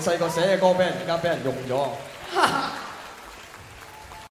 細個寫嘅歌俾人家，俾人用咗。